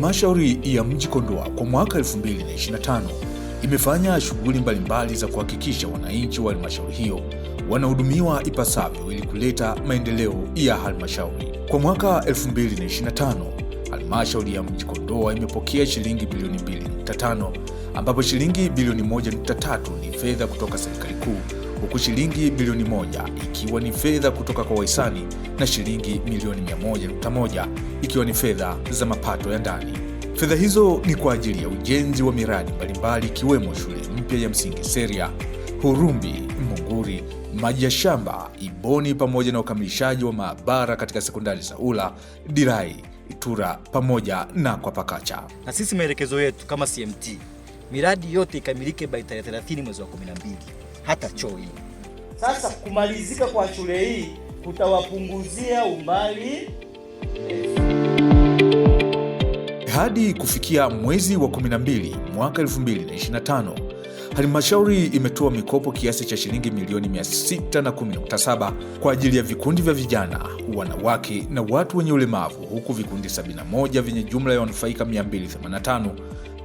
Halmashauri ya Mji Kondoa kwa mwaka 2025 imefanya shughuli mbalimbali za kuhakikisha wananchi wa halmashauri hiyo wanahudumiwa ipasavyo ili kuleta maendeleo ya halmashauri. Kwa mwaka 2025, halmashauri ya Mji Kondoa imepokea shilingi bilioni 2.5 ambapo shilingi bilioni 1.3 ni fedha kutoka serikali kuu huku shilingi bilioni moja ikiwa ni fedha kutoka kwa wahisani na shilingi milioni 100.1 ikiwa ni fedha za mapato ya ndani. Fedha hizo ni kwa ajili ya ujenzi wa miradi mbalimbali ikiwemo shule mpya ya msingi Seria, Hurumbi, Munguri, maji ya shamba, Iboni, pamoja na ukamilishaji wa maabara katika sekondari za Ula, Dirai, Itura pamoja na kwa Pakacha. Na sisi maelekezo yetu kama CMT, miradi yote ikamilike by tarehe 30 mwezi wa 12 hata choo hii. Sasa kumalizika kwa shule hii kutawapunguzia umbali hadi kufikia mwezi wa 12 mwaka 2025. Halmashauri imetoa mikopo kiasi cha shilingi milioni 617 kwa ajili ya vikundi vya vijana, wanawake na watu wenye ulemavu, huku vikundi 71 vyenye jumla ya wanufaika 285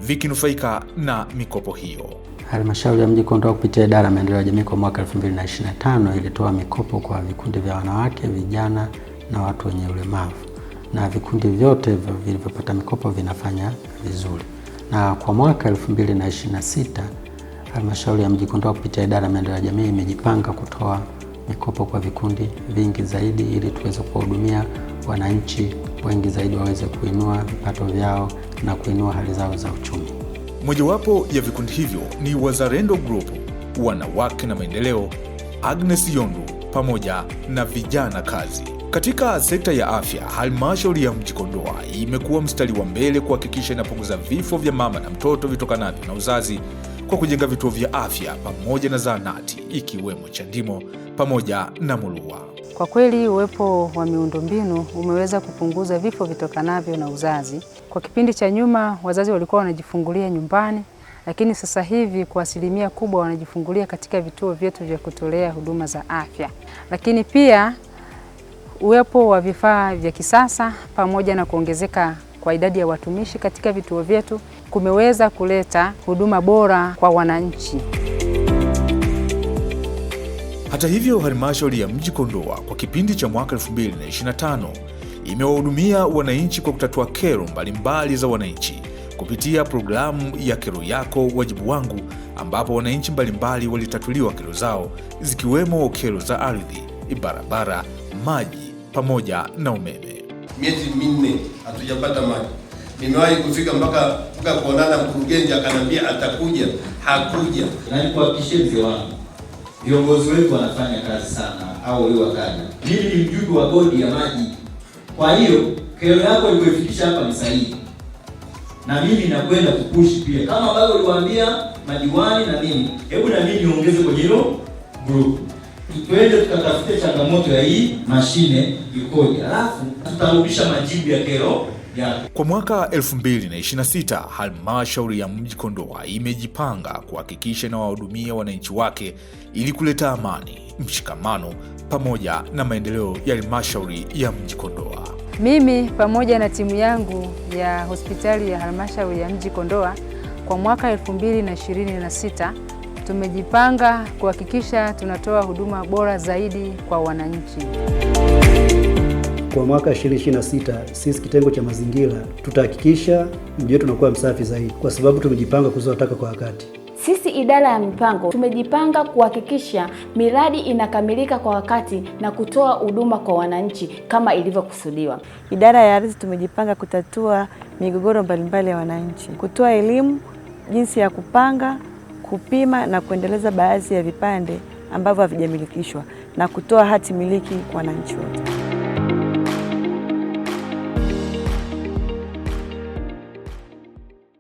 vikinufaika na mikopo hiyo. Halmashauri ya Mji Kondoa kupitia idara ya maendeleo ya jamii kwa mwaka 2025 ilitoa mikopo kwa vikundi vya wanawake, vijana na watu wenye ulemavu, na vikundi vyote vilivyopata mikopo vinafanya vizuri, na kwa mwaka 2026 Halmashauri ya Mji Kondoa kupitia idara ya maendeleo ya jamii imejipanga kutoa mikopo kwa vikundi vingi zaidi ili tuweze kuwahudumia wananchi wengi zaidi waweze kuinua vipato vyao na kuinua hali zao za uchumi. Mojawapo ya vikundi hivyo ni Wazalendo Group, Wanawake na Maendeleo, Agnes Yondu pamoja na Vijana Kazi. Katika sekta ya afya, halmashauri ya Mji Kondoa imekuwa mstari wa mbele kuhakikisha inapunguza vifo vya mama na mtoto vitokanavyo na uzazi kwa kujenga vituo vya afya pamoja na zahanati ikiwemo Chandimo pamoja na mulua Kwa kweli uwepo wa miundombinu umeweza kupunguza vifo vitokanavyo na uzazi. Kwa kipindi cha nyuma wazazi walikuwa wanajifungulia nyumbani, lakini sasa hivi kwa asilimia kubwa wanajifungulia katika vituo vyetu vya kutolea huduma za afya. Lakini pia uwepo wa vifaa vya kisasa pamoja na kuongezeka kwa idadi ya watumishi katika vituo vyetu kumeweza kuleta huduma bora kwa wananchi. Hata hivyo, halmashauri ya mji Kondoa kwa kipindi cha mwaka 2025 imewahudumia wananchi kwa kutatua kero mbalimbali za wananchi kupitia programu ya Kero Yako Wajibu Wangu, ambapo wananchi mbalimbali walitatuliwa kero zao zikiwemo kero za ardhi, barabara, maji pamoja na umeme miezi minne hatujapata maji. Nimewahi kufika mpaka mpaka kuonana mkurugenzi, akanambia atakuja, hakuja. Na nikuhakikishie mzee wangu, viongozi wetu wanafanya kazi sana, au wewe wakaja. Mimi ni mjumbe wa bodi ya maji, kwa hiyo kero yako ilikuifikisha hapa ni sahihi, na mimi nakwenda kukushi pia, kama ambavyo uliwaambia madiwani na mimi. Hebu na mimi niongeze kwenye hilo grupu tuende tukatafute changamoto ya hii mashine ikoje, halafu tutarudisha majibu ya kero yake. Kwa mwaka 2026 halmashauri ya mji Kondoa imejipanga kuhakikisha inawahudumia wananchi wake ili kuleta amani, mshikamano pamoja na maendeleo ya halmashauri ya mji Kondoa. Mimi pamoja na timu yangu ya hospitali ya halmashauri ya mji Kondoa kwa mwaka 2026 tumejipanga kuhakikisha tunatoa huduma bora zaidi kwa wananchi. Kwa mwaka 2026 sisi kitengo cha mazingira tutahakikisha mji wetu unakuwa msafi zaidi, kwa sababu tumejipanga kuzoa taka kwa wakati. Sisi idara ya mipango tumejipanga kuhakikisha miradi inakamilika kwa wakati na kutoa huduma kwa wananchi kama ilivyokusudiwa. Idara ya ardhi tumejipanga kutatua migogoro mbalimbali ya wananchi, kutoa elimu jinsi ya kupanga kupima na kuendeleza baadhi ya vipande ambavyo havijamilikishwa na kutoa hati miliki kwa wananchi wote.